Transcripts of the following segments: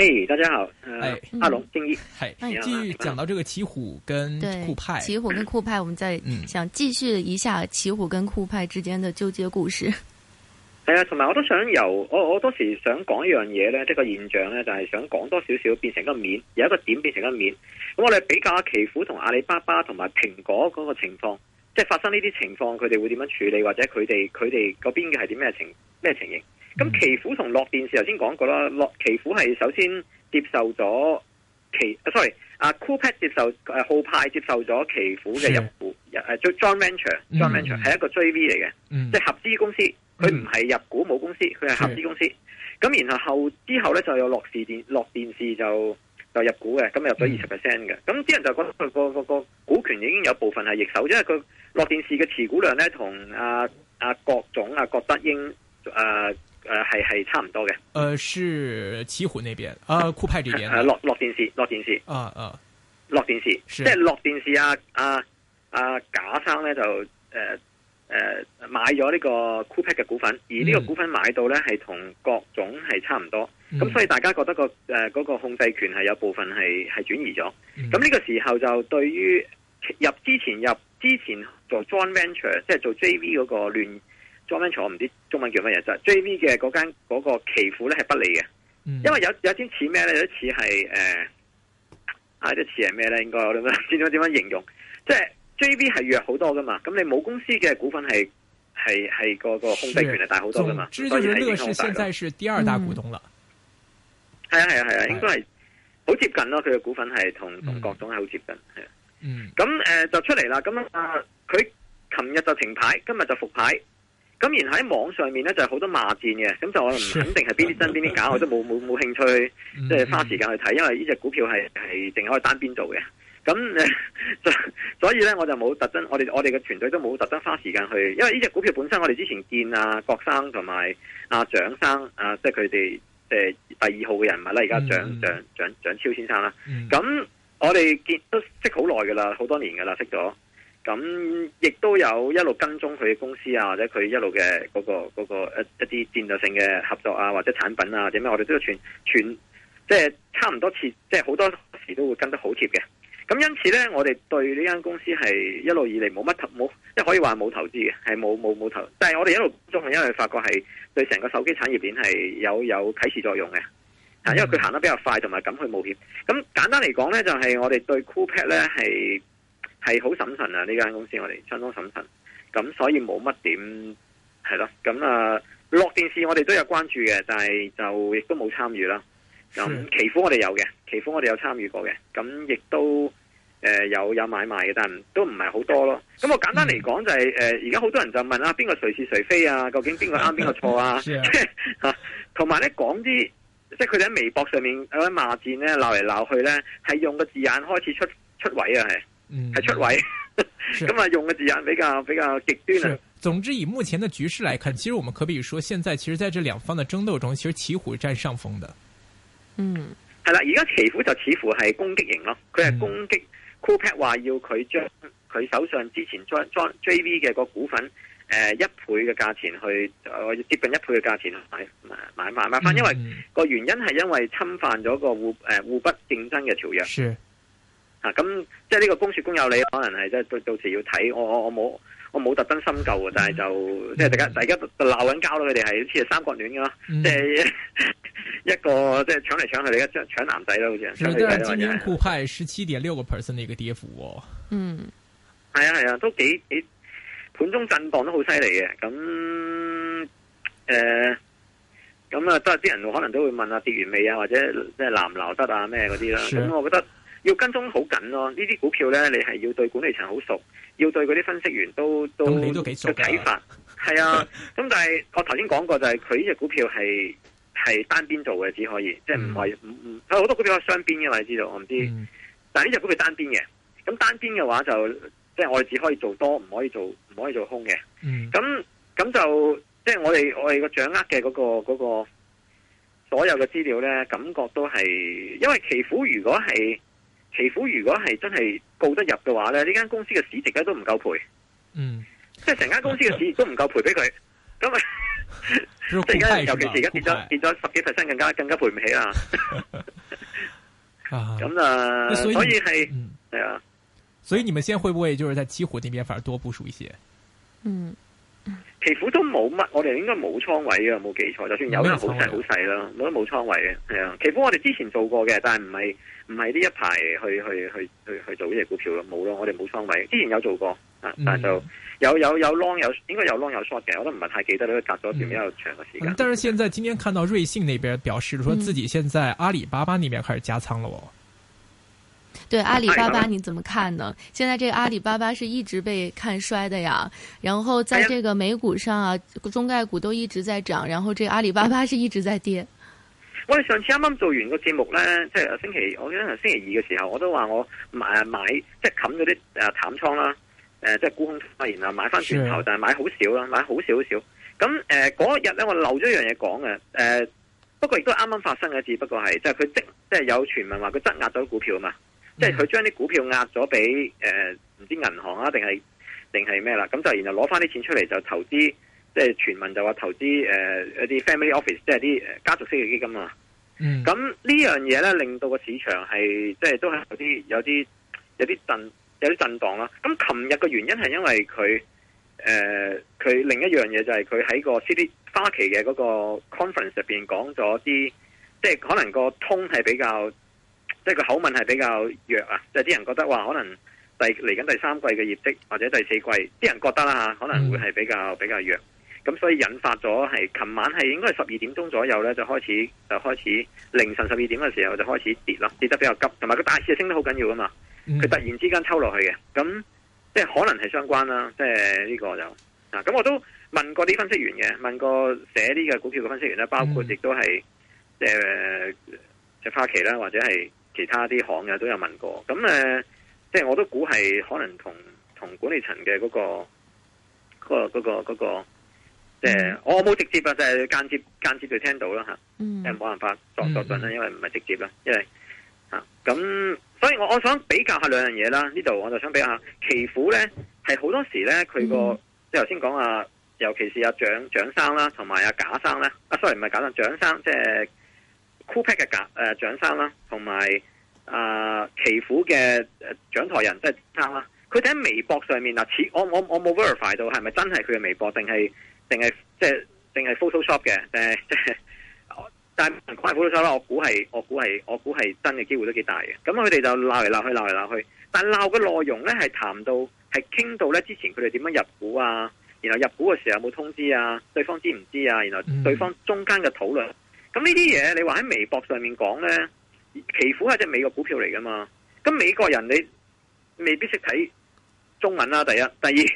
Hey, 大家好。誒、呃，嗯、阿龍，正義。誒是，繼、嗯、續講到這個奇虎跟酷派。奇虎跟酷派，我們再想繼續一下奇虎跟酷派之間的糾結故事。係啊、嗯，同埋我都想由我，我當時想講一樣嘢咧，即、就、係、是、個現象咧，就係想講多少少變成一個面，由一個點變成一個面。咁我哋比較奇虎同阿里巴巴同埋蘋果嗰個情況，即、就、係、是、發生呢啲情況，佢哋會點樣處理，或者佢哋佢哋嗰邊嘅係啲咩情咩情形？咁奇虎同樂電視頭先講過啦，樂奇虎係首先接受咗奇，sorry，啊酷派接受誒酷派接受咗奇虎嘅入股，誒 John Menchur，John Menchur 係一個 JV 嚟嘅，即係合資公司，佢唔係入股母公司，佢係合資公司。咁然後後之後咧就有樂視電樂電視就就入股嘅，咁入咗二十 percent 嘅。咁啲人就覺得佢個個股權已經有部分係易手，因為佢樂電視嘅持股量咧同阿阿郭總阿郭德英誒。誒，係係差唔多嘅。誒，是奇虎、呃、呢邊，啊酷派、啊、呢邊。誒，落落電視，落電視。啊啊，落電視，即係落電視啊啊啊！賈生咧就誒誒、呃呃、買咗呢個酷派嘅股份，而呢個股份買到咧係同各種係差唔多，咁、嗯、所以大家覺得個誒個控制權係有部分係係轉移咗。咁呢、嗯、個時候就對於入之前入之前做, joint venture, 做 joint venture，即係做 JV、嗰個聯。我唔知中文叫乜嘢。即 J V 嘅嗰間嗰個奇酷咧係不利嘅，嗯、因為有有啲似咩咧？有啲似係誒，啊啲似係咩咧？應該我唔知點樣點樣形容？即、就、係、是、J V 係弱好多噶嘛？咁你冇公司嘅股份係係係個控制權係大好多噶嘛？所以係影響好大。是現在是第二大股東啦。係啊係啊係啊，應該係好接近咯。佢嘅股份係同同國中係好接近的。是啊、嗯。咁誒、呃、就出嚟啦。咁啊，佢琴日就停牌，今日就復牌。咁然喺網上面咧就係好多罵戰嘅。咁就我唔肯定係邊啲真邊啲假，我都冇冇冇興趣，即係花時間去睇，因為呢隻股票係係淨係可以單邊做嘅。咁誒，所以咧我就冇特登，我哋我哋嘅團隊都冇特登花時間去，因為呢隻股票本身我哋之前見啊郭生同埋阿蔣生啊，即係佢哋第二號嘅人物啦，而家蔣、嗯、蔣、蔣、蔣、蔣超先生啦。咁、嗯、我哋見都識好耐㗎啦，好多年㗎啦，識咗。咁亦都有一路跟蹤佢嘅公司啊，或者佢一路嘅嗰、嗰個嗰、嗰個嗰個一一啲戰略性嘅合作啊，或者產品啊，點樣我哋都全全即係、就是、差唔多次，即係好多時都會跟得好貼嘅。咁因此咧，我哋對呢間公司係一路以嚟冇乜投冇，即係可以話冇投資嘅，係冇冇冇投資。但係我哋一路跟蹤，係因為發覺係對成個手機產業鏈係有有啟示作用嘅。吓，因為佢行得比較快，同埋敢去冒險。咁簡單嚟講咧，就係、是、我哋對 Coolpad 咧係。係好審慎啊！呢間公司我哋相當審慎，咁所以冇乜點係咯。咁啊，落電視我哋都有關注嘅，但係就亦都冇參與啦。咁奇虎我哋有嘅，奇虎我哋有參與過嘅，咁亦都誒有有買賣嘅，但都唔係好多咯。咁我簡單嚟講就係、是、誒，而家好多人就問啦、啊，邊個誰是誰非啊？究竟邊個啱邊個錯啊？同埋咧講啲，即係佢哋喺微博上面喺度罵戰咧鬧嚟鬧去咧，係用個字眼開始出出位啊，係。嗯，係出位，咁啊用嘅字眼比較比較極端啊。總之，以目前的局勢來看，其實我們可比說，現在其實在這兩方的爭鬥中，其實奇虎佔上風的。嗯，係啦，而家奇虎就似乎係攻擊型咯，佢係攻擊酷派話要佢將佢手上之前 join join JV 嘅個股份，誒一倍嘅價錢去接近一倍嘅價錢買買買買翻，因為個原因係因為侵犯咗個互誒互不競爭嘅條約。啊，咁即係呢個公說公有理，可能係即係到到時要睇我我冇我冇特登深究，但係就、嗯、即係大家、嗯、大家鬧緊交咯，佢哋係好似三角戀咁咯，即係一個即係搶嚟搶去，而家搶男仔咯，好似。使得今日酷派十七點六個 percent 嘅一個跌幅，哦。嗯，係啊係啊，都幾幾盤中震蕩都好犀利嘅。咁誒，咁啊都係啲人可能都會問下跌完未啊，或者即係鬧唔鬧得啊咩嗰啲啦。咁我覺得。要跟蹤好緊咯，呢啲股票呢，你係要對管理層好熟，要對嗰啲分析員都都嘅睇法係 啊。咁但係我頭先講過就係佢呢隻股票係係單邊做嘅，只可以、嗯、即係唔係唔好多股票係雙邊嘅嘛，你知道我唔知。嗯、但係呢隻股票單邊嘅，咁單邊嘅話就即係、就係、我哋只可以做多，唔可以做唔可以做空嘅。咁咁、嗯、就即係我哋我哋個掌握嘅嗰、嗰個、嗰個所有嘅資料呢，感覺都係因為奇虎如果係。奇虎如果係真係告得入嘅話咧，呢間公司嘅市值咧都唔夠賠，嗯，即係成間公司嘅市值都唔夠賠俾佢，咁啊，即係而家，尤其是而家跌咗跌咗十幾 percent，更加更加賠唔起啦，咁啊，所以係係啊，所以你們先會唔會就是在奇虎呢邊反而多部署一些？嗯，奇虎都冇乜，我哋應該冇倉位嘅，冇記錯，就算有人好細好細啦，冇得冇倉位嘅，係啊，奇虎我哋之前做過嘅，但係唔係。唔係呢一排去去去去去做呢隻股票咯，冇咯，我哋冇倉位。之前有做過啊，但係就有有有 long，有，應該有 long，有 short 嘅，我都唔係太記得啦，隔咗段比較長嘅時間。嗯、是的但是現在今天看到瑞信那邊表示，說自己現在阿里巴巴那邊開始加倉了喎。嗯、對阿里巴巴，你怎麼看呢？現在這個阿里巴巴是一直被看衰的呀。然後在這個美股上啊，中概股都一直在漲，然後這個阿里巴巴是一直在跌。我哋上次啱啱做完個節目咧，即係星期，我記得係星期二嘅時候，我都話我買買即係冚咗啲淡倉啦，誒、呃，即係沽空發然啦的，買翻轉頭，但係買好少啦，買好少好少。咁誒，嗰日咧我漏咗一樣嘢講嘅，誒、呃，不過亦都啱啱發生嘅，只不過係即係佢即係有傳聞話佢質押咗股票啊嘛，嗯、即係佢將啲股票壓咗俾誒唔知銀行啊，定係定係咩啦？咁就、啊、然後攞翻啲錢出嚟就投資，即係傳聞就話投資誒、呃、一啲 family office，即係啲家族式嘅基金啊。咁、嗯、呢樣嘢咧，令到個市場係即係都係有啲有啲有啲震有啲震盪啦。咁琴日嘅原因係因為佢誒佢另一樣嘢就係佢喺個 C D 花旗嘅嗰個 conference 入面講咗啲，即係可能個 tone 係比較，即係個口吻係比較弱啊。即係啲人覺得話可能第嚟緊第三季嘅業績或者第四季，啲人覺得啦嚇可能會係比較比較弱。咁所以引發咗係，琴晚係應該係十二點鐘左右咧，就開始就開始凌晨十二點嘅時候就開始跌啦，跌得比較急，同埋個大市又升得好緊要噶嘛，佢突然之間抽落去嘅，咁即係可能係相關啦，即係呢個就啊，咁我都問過啲分析員嘅，問過寫呢個股票嘅分析員咧，包括亦都係即係即、呃、花旗啦，或者係其他啲行嘅都有問過，咁誒，即係我都估係可能同同管理層嘅嗰個嗰個嗰個。那個那個那個即係我冇直接啊，就係、是、間接間接就聽到啦吓，即係冇辦法作作準啦，因為唔係直接啦，因為吓咁，所以我我想比較下兩樣嘢啦。呢度我就想比較下奇虎咧，係好多時咧佢、個即係頭先講啊，尤其是阿蔣蔣生啦，同埋阿賈生咧，啊 sorry 唔係賈生，蔣生即係酷派嘅賈誒蔣生啦，同埋啊奇虎嘅掌台人即係生啦，佢哋喺微博上面嗱，似我我我冇 verify 到係咪真係佢嘅微博定係？定係即係定係 Photoshop 嘅，定係即係， 但唔關 Photoshop 啦。我估係，我估係，我估係真嘅機會都幾大嘅。咁佢哋就鬧嚟鬧去，鬧嚟鬧去。但鬧嘅內容咧係談到，係傾到咧之前佢哋點樣入股啊，然後入股嘅時候有冇通知啊，對方知唔知啊？然後對方中間嘅討論，咁呢啲嘢你話喺微博上面講咧，奇虎係隻美國股票嚟噶嘛？咁美國人你未必識睇中文啦，啊。第一，第二，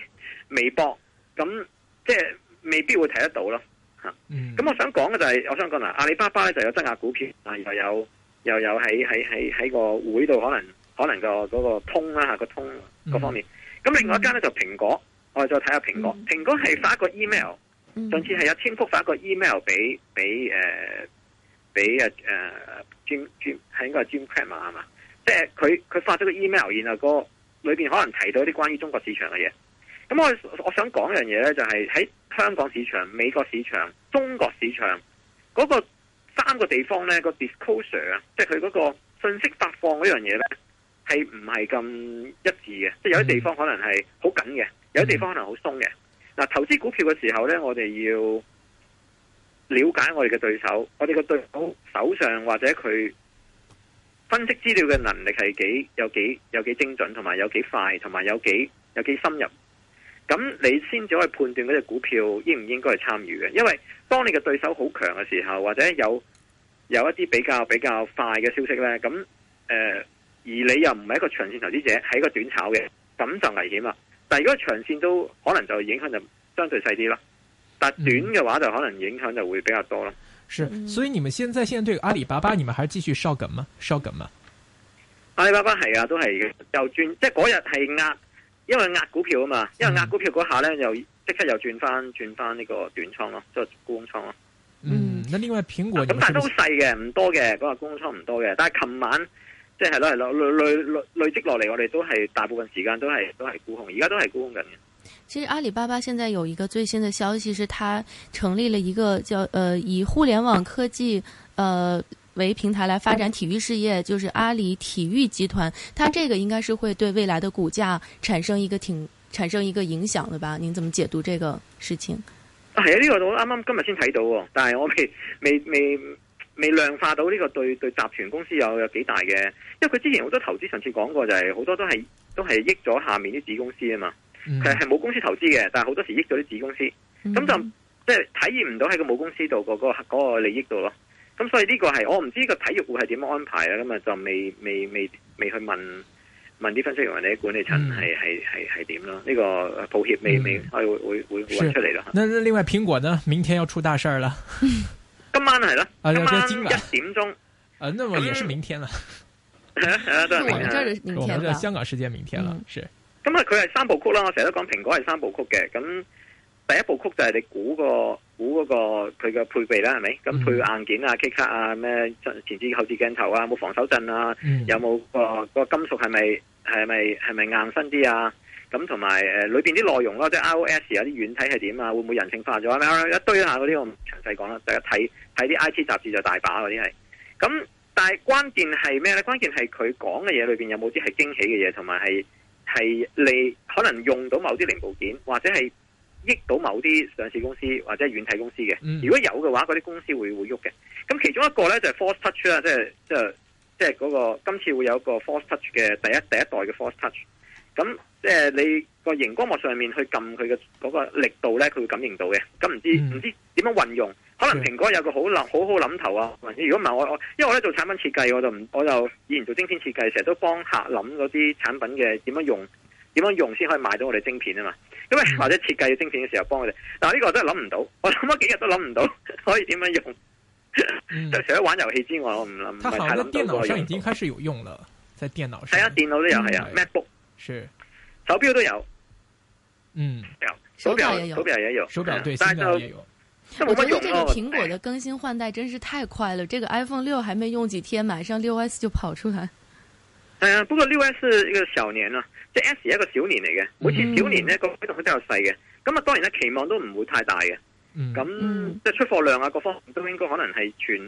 微博咁即係。未必會睇得到咯，吓、嗯，咁我想講嘅就係、是，我想講嗱，阿里巴巴咧就有增壓股票，啊後有又有喺喺喺喺個會度可能可能就、那個那個通啦吓、那個通各方面，咁另外一間咧、嗯、就蘋果，我哋再睇下蘋果，蘋、嗯、果係發一個 email，上次係有 Tim Cook 發一個 email 俾俾誒，俾、嗯呃呃、啊誒 Jim Jim 喺、就是、個 Jim Cramer 係嘛，即係佢佢發咗個 email，然後、那個裏邊可能提到一啲關於中國市場嘅嘢。咁我我想講一樣嘢咧，就係喺香港市場、美國市場、中國市場嗰個三個地方咧，個 disclosure 啊，即係佢嗰個信息發放嗰樣嘢咧，係唔係咁一致嘅？即係有啲地方可能係好緊嘅，有啲地方可能好鬆嘅。嗱，啊，投資股票嘅時候咧，我哋要了解我哋嘅對手，我哋個對手手上或者佢分析資料嘅能力係幾有幾有幾精準，同埋有，有幾快，同埋有，有幾有幾深入。咁你先至可以判斷嗰隻股票應唔應該去參與嘅，因為當你嘅對手好強嘅時候，或者有有一啲比較比較快嘅消息呢，咁誒、呃，而你又唔係一個長線投資者，係一個短炒嘅，咁就危險啦。但係如果長線都可能就影響就相對細啲啦，但短嘅話就可能影響就會比較多啦。是，所以你們現在現在對阿里巴巴，你們還繼續燒梗嗎？燒梗嗎？阿里巴巴係啊，都係又轉，即係嗰日係壓。因為壓股票啊嘛，因為壓股票嗰下咧，又即刻又轉翻轉翻呢個短倉咯，即係沽空倉咯。嗯，那另外蘋果咁，但係都細嘅，唔多嘅，嗰個沽空倉唔多嘅。但係琴晚即係係咯係咯，累累累累積落嚟，我哋都係大部分時間都係都係沽空，而家都係沽空緊嘅。其實阿里巴巴現在有一個最新的消息，是它成立了一個叫，呃，以互聯網科技，呃。為平台來發展體育事業，就是阿里體育集團，它這個應該是會對未來的股價產生一個挺，產生一個影響的吧？您怎麼解讀這個事情？係啊，呢個我啱啱今日先睇到，但係我未未未，未，未量化到呢個對對集團公司有有幾大嘅，因為佢之前好多投資，上次講過就係好多都係都係益咗下面啲子公司啊嘛，係係母公司投資嘅，但係好多時益咗啲子公司，咁、嗯、就即係體驗唔到喺個母公司度嗰個嗰個利益度咯。咁、嗯、所以呢個係我唔知這個體育會係點安排啦，咁啊就未未未未去問問啲分析員人哋啲管理層係係係係點咯？呢、這個抱歉未未、嗯、會會會，會搵出嚟咯。那另外蘋果呢？明天要出大事啦！今晚係咯，今晚一點鐘啊，那麼也是明天啦。我們在香港時間明天啦。 是。咁啊，佢係三部曲啦。我成日都講蘋果係三部曲嘅咁。第一部曲就係你估、嗰個估嗰個佢嘅配備啦，係咪？咁配硬件啊、機卡啊、咩前置後置鏡頭啊、冇防手震啊，嗯、有冇個個金屬係咪係咪係咪硬身啲啊？咁同埋誒裏邊啲內容咯，即係 I O S 有、啊、啲軟體係點啊？會唔會人性化咗一堆下嗰啲我唔詳細講啦，大家睇睇啲 I T 雜誌就大把嗰啲係。咁但係關鍵係咩咧？關鍵係佢講嘅嘢裏邊有冇啲係驚喜嘅嘢，同埋係係你可能用到某啲零部件或者係。益到某啲上市公司或者軟體公司嘅，如果有嘅話，嗰啲公司會會喐嘅。咁其中一個咧就係、是、force touch 啦、就是，即係即係即係嗰個今次會有一個 force touch 嘅第一第一代嘅 force touch。咁即係你個熒光幕上面去撳佢嘅個力度咧，佢會感應到嘅。咁唔知唔、嗯、知點樣運用？可能蘋果有一個好好好諗頭啊！如果唔係我我，因為我咧做產品設計，我就唔我就以前做晶片設計，成日都幫客諗嗰啲產品嘅點樣用。點樣用先可以買到我哋晶片啊嘛？因為或者設計晶片嘅時候幫我哋，但係呢個真係諗唔到，我諗咗幾日都諗唔到可以點樣用。除咗玩遊戲之外，我唔諗，唔係太諗。電腦上已經開始有用了，在電腦上係啊，電腦都有，係啊，MacBook 是，手表都有，嗯，手表手表也有，手表對，手表也有。我覺得這個蘋果的更新換代真是太快了，這個 iPhone 六還沒用幾天，馬上六 S 就跑出來。係啊、嗯，不過六 S 一個小年啊，即係 S 一個小年嚟嘅，每次小年咧、嗯，那個波動都比較細嘅，咁啊當然咧，期望都唔會太大嘅，咁、嗯嗯、即係出貨量啊，各方面都應該可能係全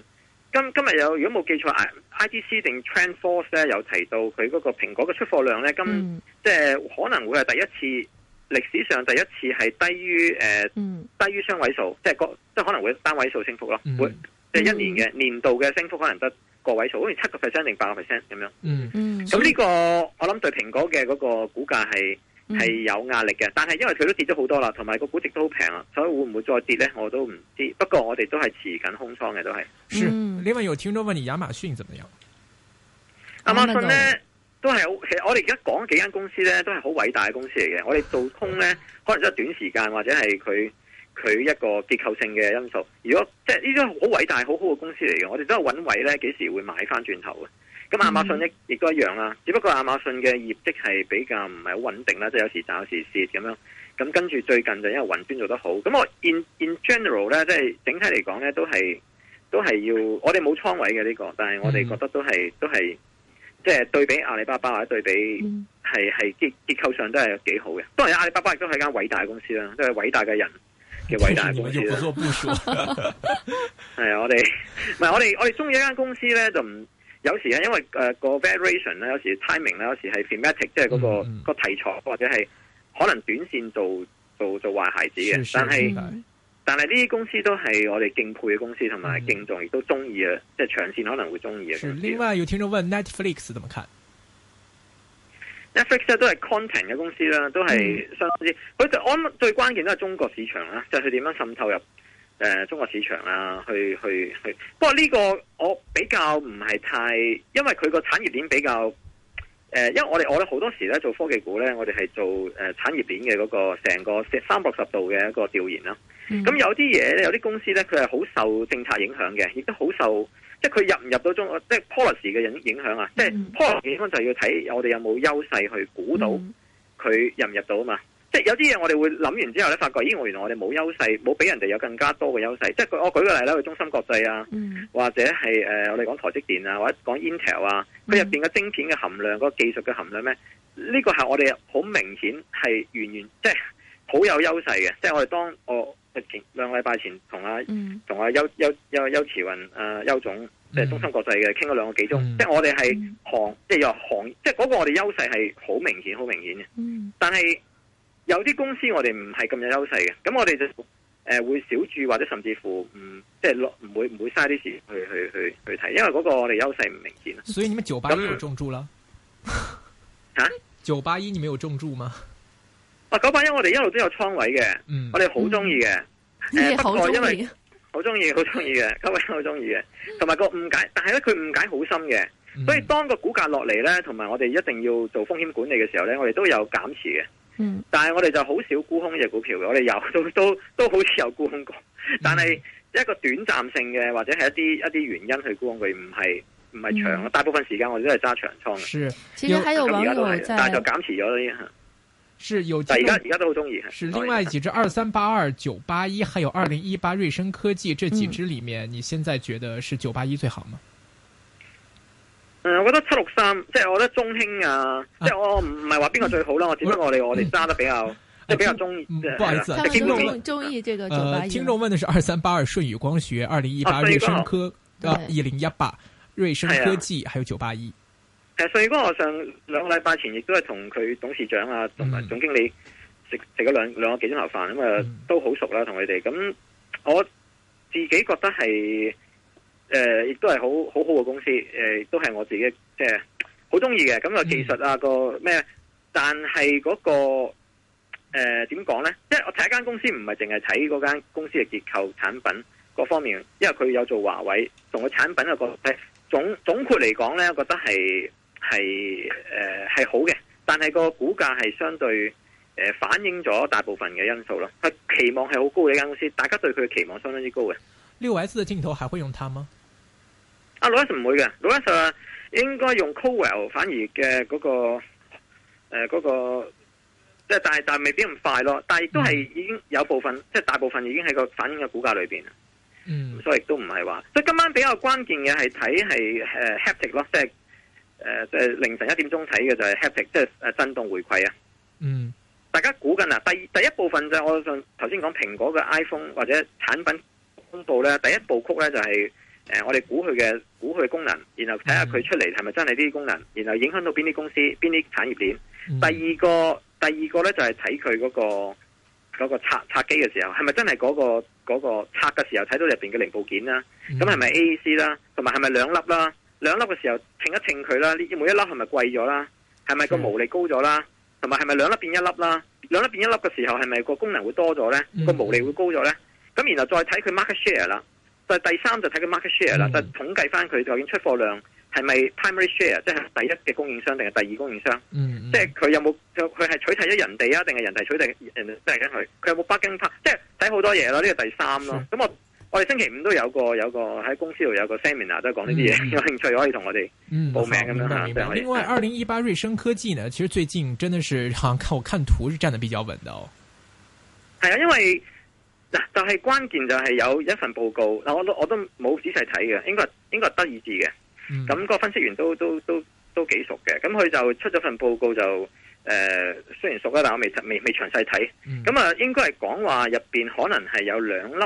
今今日有，如果冇記錯，I D C 定 Trend Force 咧有提到佢嗰個蘋果嘅出貨量咧，今、嗯、即係可能會係第一次歷史上第一次係低於誒、呃嗯、低於雙位數，即係個即係可能會單位數升幅咯，嗯、會即係一年嘅、嗯、年度嘅升幅可能得。個位數，好似七個 percent 定八個 percent 咁樣。嗯嗯，咁呢、這個以我諗對蘋果嘅嗰個股價係係有壓力嘅，但係因為佢都跌咗好多啦，同埋個估值都好平啊，所以會唔會再跌咧？我都唔知。不過我哋都係持緊空倉嘅，都係。是，另外是、嗯、有聽眾問你亞馬遜怎麼樣？亞馬遜咧、啊那個、都係好，其實我哋而家講幾間公司咧都係好偉大嘅公司嚟嘅。我哋做空咧，可能都係短時間或者係佢。佢一個結構性嘅因素，如果即係呢啲好偉大、好好嘅公司嚟嘅，我哋都係揾位咧，幾時會買翻轉頭嘅？咁亞馬遜亦都一樣啦，嗯、只不過亞馬遜嘅業績係比較唔係好穩定啦，即係有時賺有時蝕咁樣。咁跟住最近就因為雲端做得好，咁我 in in general 咧，即係整體嚟講咧，都係都係要我哋冇倉位嘅呢、呢個，但係我哋覺得都係都係即係對比阿里巴巴或者對比係係結，結構上都係幾好嘅。當然阿里巴巴亦都係間偉大公司啦，都係偉大嘅人。嘅偉大公司，我做部署。係啊， 我哋唔係我哋我哋中意一間公司咧，就唔有時，因為誒個 variation 咧，有時 timing 咧，呃那個、有時係 format 即係嗰個、嗯、個題材或者係可能短線做做做壞孩子嘅，但係但係呢啲公司都係我哋敬佩嘅公司，同埋敬重的，亦都中意嘅，即係長線可能會中意嘅。是另外有聽眾問 Netflix 點樣睇？Netflix 都係 content 嘅公司啦，都係相當之。佢就安最關鍵都係中國市場啦，即係佢點樣滲透入誒中國市場啊？去去去，不過呢個我比較唔係太，因為佢個產業鏈比較誒、呃，因為我哋我咧好多時咧做科技股咧，我哋係做誒產業鏈嘅嗰個成個三百六十度嘅一個調研啦。咁有啲嘢咧，有啲公司咧，佢係好受政策影響嘅，亦都好受。即係佢入唔入到中，即係 policy 嘅影影響啊。即係 policy 影響就要睇我哋有冇優勢去估到佢入唔入到啊嘛！嗯、即係有啲嘢我哋會諗完之後咧，發覺咦，原來我哋冇優勢，冇俾人哋有更加多嘅優勢。即係我舉個例啦，去中心國際啊，嗯、或者係誒、呃、我哋講台積電啊，或者講 Intel 啊，佢入邊嘅晶片嘅含量、嗰個技術嘅含量咧，呢、呢個係我哋好明顯係完完即係好有優勢嘅。即係我哋當我。前兩個禮拜前同阿同阿邱邱邱邱慈雲，誒、邱總，即係中芯國際嘅，傾咗兩個幾鐘。嗯、即係我哋係行、嗯、即係又行，即係嗰個我哋優勢係好明顯，好明顯嘅。嗯、但係有啲公司我哋唔係咁有優勢嘅，咁我哋就誒、呃、會少注或者甚至乎唔、嗯、即係落唔會唔會嘥啲時間，去去去去睇，因為嗰個我哋優勢唔明顯。所以你咪九八一有中注啦？九八一你未有中注嗎？啊，九八一我哋一路都有倉位嘅，我哋好中意嘅，誒，不過因為好中意好中意嘅九八一好中意嘅，同埋個誤解，但係咧佢誤解好深嘅，所以當個股價落嚟咧，同埋我哋一定要做風險管理嘅時候咧，我哋都有減持嘅。嗯，但係我哋就好少沽空嘅股票，我哋有都都都好似有沽空過，但係一個短暫性嘅，或者係一啲一啲原因去沽空佢，唔係唔係長，大部分時間我哋都係揸長倉。是，有，而家都係，有，但係就減持咗啲。是有。那而家而家都好中意。是另外幾隻二三八二九八一，還有二零一八瑞聲科技這幾隻裏面，你現在覺得是九八一最好嗎？嗯，我覺得七六三，即係我覺得中興啊，即係我唔唔係話邊個最好啦，我只不過我哋我哋揸得比較比較中意。不好意思，聽眾中意這個九八一。呃，聽眾問的是二三八二順宇光學、二零一八瑞聲科、二零一八瑞聲科技，還有九八一。誒，瑞哥我上兩個禮拜前亦都係同佢董事長啊，同埋總經理食食咗兩兩個幾鐘頭飯，咁啊都好熟啦，同佢哋。咁我自己覺得係誒，亦都係好好好嘅公司，誒、呃，都係我自己即係好中意嘅。咁、呃、個技術啊，那個咩？但係嗰、那個誒點講咧？即、呃、係我睇一間公司唔係淨係睇嗰間公司嘅結構、產品各方面，因為佢有做華為同個產品嘅角度總總括嚟講咧，我覺得係。係誒係好嘅，但係個股價係相對誒、呃、反映咗大部分嘅因素咯。佢期望係好高嘅一間公司，大家對佢嘅期望相當之高嘅。六 S 嘅鏡頭還會用它嗎？阿 6S 唔會嘅，6S 應該用 Cowell，反而嘅嗰、嗰個誒、呃嗰個即係但係但係未必咁快咯，但係亦都係已經有部分即係、嗯、大部分已經喺個反映嘅股價裏邊。嗯，所也不是說，所以亦都唔係話，即係今晚比較關鍵嘅係睇係誒 Haptic 咯，即係。呃誒，即係、呃就是，凌晨一點鐘睇嘅就係 Haptic 即係誒震動回饋啊。嗯，大家估緊啊。第第一部分就係我上頭先講蘋果嘅 iPhone 或者產品公佈咧，第一部曲咧就係、是、誒、呃、我哋估佢嘅估佢功能，然後睇下佢出嚟係咪真係呢啲功能，然後影響到邊啲公司邊啲產業鏈。嗯、第二個第二個咧就係睇佢嗰個、那個拆拆機嘅時候，係咪真係嗰、那個、那個拆嘅時候睇到入邊嘅零部件啦？咁係咪 AAC 啦？同埋係咪兩粒啦？兩粒嘅時候，稱一稱佢啦，呢每一粒係咪貴咗啦？係咪個毛利高咗啦？同埋係咪兩粒變一粒啦？兩粒變一粒嘅時候，係咪個功能會多咗咧？個、嗯、毛利會高咗咧？咁然後再睇佢 market share 啦。就第三就睇佢 market share 啦、嗯。就統計翻佢究竟出貨量係咪 primary share，即係第一嘅供應商定係第二供應商？即係佢有冇佢係取替咗人哋啊？定係人哋取替人即係跟佢？佢有冇北京即係睇好多嘢啦。呢、這個第三咯。咁、嗯、我。我哋星期五都有個有個喺公司度有個 seminar 都係講呢啲嘢，嗯、有興趣可以同我哋報名咁、嗯、樣另外，二零一八瑞聲科技呢，其實最近真的是， 看我看圖是站得比較穩的哦。係啊，因為嗱，但、就、係、是、關鍵就係有一份報告嗱，我都我都冇仔細睇嘅，應該應該德意志嘅，咁、嗯、個分析員都都都都幾熟嘅，咁佢就出咗份報告就誒、呃，雖然熟啦，但我未未未詳細睇，咁啊、嗯，應該係講話入邊可能係有兩粒。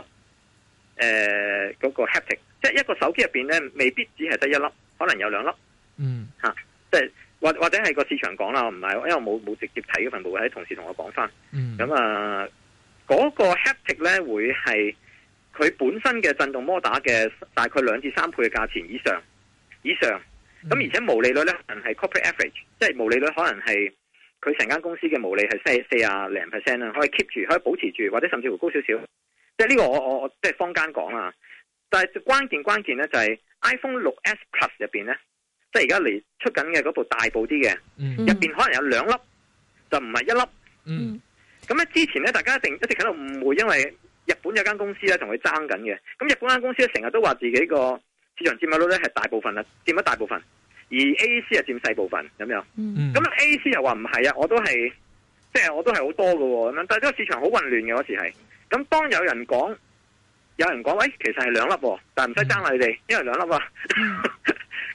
誒，嗰、呃那個 haptic 即係一個手機入邊咧，未必只係得一粒，可能有兩粒，嗯吓、啊，即係或或者係個市場講啦，唔係，因為我冇冇直接睇嗰份報告，喺同事同我講翻，咁啊、嗯嗯，嗰、那個 haptic 呢，咧，會係佢本身嘅震動摩打嘅大概兩至三倍嘅價錢以上，以上，咁、嗯、而且毛利率咧係 corporate average，即係毛利率可能係佢成間公司嘅毛利係四四啊零 percent 可以 keep 住，可以保持住，或者甚至乎高少少。即係呢個我我我，即係坊間講啊。但係關鍵關鍵咧就係 iPhone 六 S Plus 入邊咧，即係而家嚟，出緊嘅嗰部大部啲嘅，入邊、嗯、可能有兩粒，就唔係一粒。咁咧、嗯、之前咧，大家一定一直喺度誤會，因為日本有間公司咧同佢爭緊嘅。咁日本間公司咧成日都話自己個市場佔有率咧係大部分啦，佔咗大部分，而 AC 啊佔細部分咁樣。咁 AC 又話唔係啊，我都係，即係我都係好多嘅。咁但係呢個市場好混亂嘅嗰時係。咁當有人講，有人講，喂、哎，其實係兩粒，但唔使爭啦，你哋、嗯，因為兩粒啊，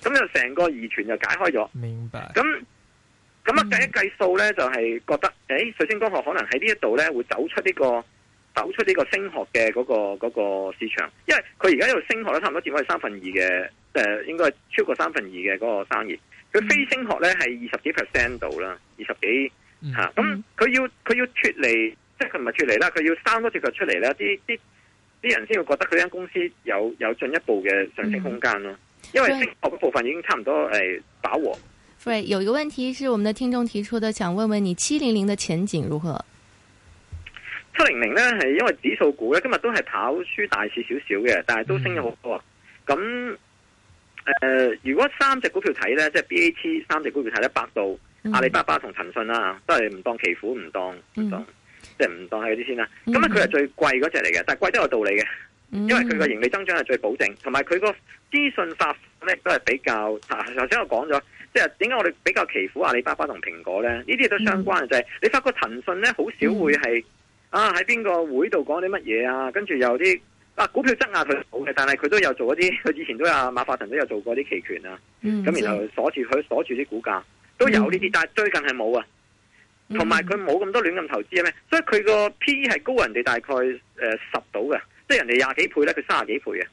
咁就成個疑團就解開咗。明白。咁咁啊計一計數咧，就係覺得，誒、嗯欸，水星光學可能喺呢一度咧，會走出呢、這個走出呢個升學嘅嗰、那個嗰、那個市場，因為佢而家又升學咧，差唔多佔咗三分二嘅，誒，應該係超過三分二嘅嗰個生意。佢、嗯、非升學咧係二十幾 percent 度啦，二十幾吓，咁佢、啊嗯嗯、要佢要脫離。即係佢唔係出嚟啦，佢要生多隻腳出嚟咧，啲啲啲人先會覺得佢間公司有有進一步嘅上升空間咯。嗯、因為升嗰部分已經差唔多誒飽和。有一個問題是我們的聽眾提出的，想問問你七零零的前景如何？七零零呢，係因為指數股咧今日都係跑輸大市少少嘅，但係都升咗好多。咁誒、嗯呃，如果三隻股票睇呢，即係 B A T 三隻股票睇咧，百度、嗯、阿里巴巴同騰訊啦，都係唔當奇虎，唔當唔當。即係唔當係嗰啲先啦，咁咧佢係最貴嗰隻嚟嘅，但係貴都有道理嘅，因為佢嘅盈利增長係最保證，同埋佢個資訊發放咧都係比較。頭、啊、先我講咗，即係點解我哋比較奇虎阿里巴巴同蘋果咧？呢啲都相關嘅，mm hmm. 就係，你發覺騰訊咧好少會係，mm hmm. 啊喺邊個會度講啲乜嘢啊，跟住有啲啊股票質押佢好嘅，但係佢都有做一啲，佢以前都有馬化騰都有做過啲期權啊，咁，mm hmm. 然後鎖住佢鎖住啲股價都有呢啲，mm hmm. 但係最近係冇啊。同埋佢冇咁多亂咁投資啊？咩？所以佢個 P E 係高人哋大概誒十到嘅，即係人哋廿幾倍咧，佢卅幾倍嘅。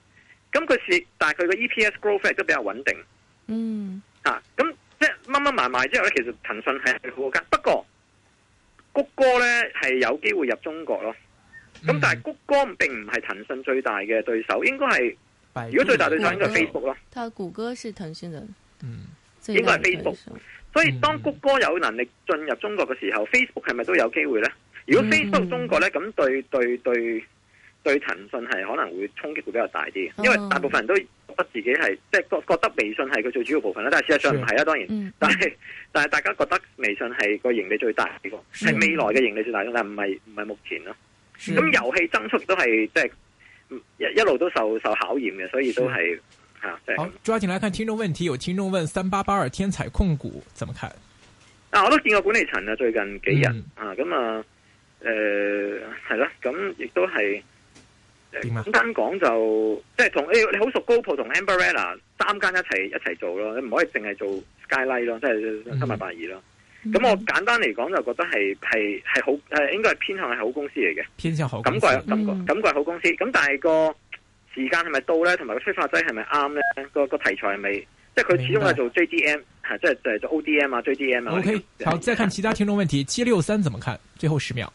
咁佢是，但係佢個 E P S growth 都比較穩定。嗯，吓咁即係掹掹埋埋之後咧，其實騰訊係好㗎。不過谷歌咧係有機會入中國咯。咁但係谷歌並唔係騰訊最大嘅對手，應該係如果最大對手應該係 Facebook 咯。但係谷歌係騰訊嘅，嗯，應該係 Facebook。所以當谷歌有能力進入中國嘅時候，Facebook 係咪都有機會呢？如果 Facebook 中國呢，咁對對對對騰訊係可能會衝擊會比較大啲，因為大部分人都覺得自己係即係覺覺得微信係佢最主要部分啦。但係事實上唔係啊，當然，但係大家覺得微信係個盈利最大嘅，係未來嘅盈利最大，但係唔係唔係目前咯啊。咁遊戲增速都係即係一一路都受受考驗嘅，所以都係。啊、好，抓緊嚟看聽眾問題。有聽眾問：三八八二天彩控股怎麼看？啊，我都見過管理層啊，最近幾日、嗯、啊，咁、嗯、啊、呃，誒，係、啊、啦，咁亦都係點啊？簡單講就即係同、欸、你好熟 GoPro 同 Amberella 三間一齊一齊做咯，你唔可以淨係做 Skyline 咯，即係三八八二咯。咁、嗯、我簡單嚟講就覺得係係係好，係應該係偏向係好公司嚟嘅，偏向好公司。感覺？感覺、嗯？感覺？好公司？咁、嗯、但係、那個。時間係咪到咧？同埋個催化劑係咪啱咧？個個題材係咪？即係佢始終係做 JDM，即係就係做 ODM 啊，JDM 啊。O K，好，再看其他聽眾問題，七六三怎麼看？最後十秒。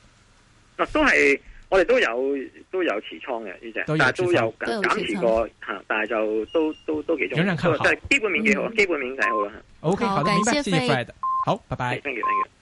嗱，都係我哋都有都有持倉嘅呢隻，但係都有減持過吓，但係就都都都幾重，仍然看好。即係基本面幾好，基本面就好啦。O K，好，明白，好，拜拜，thank you，thank you。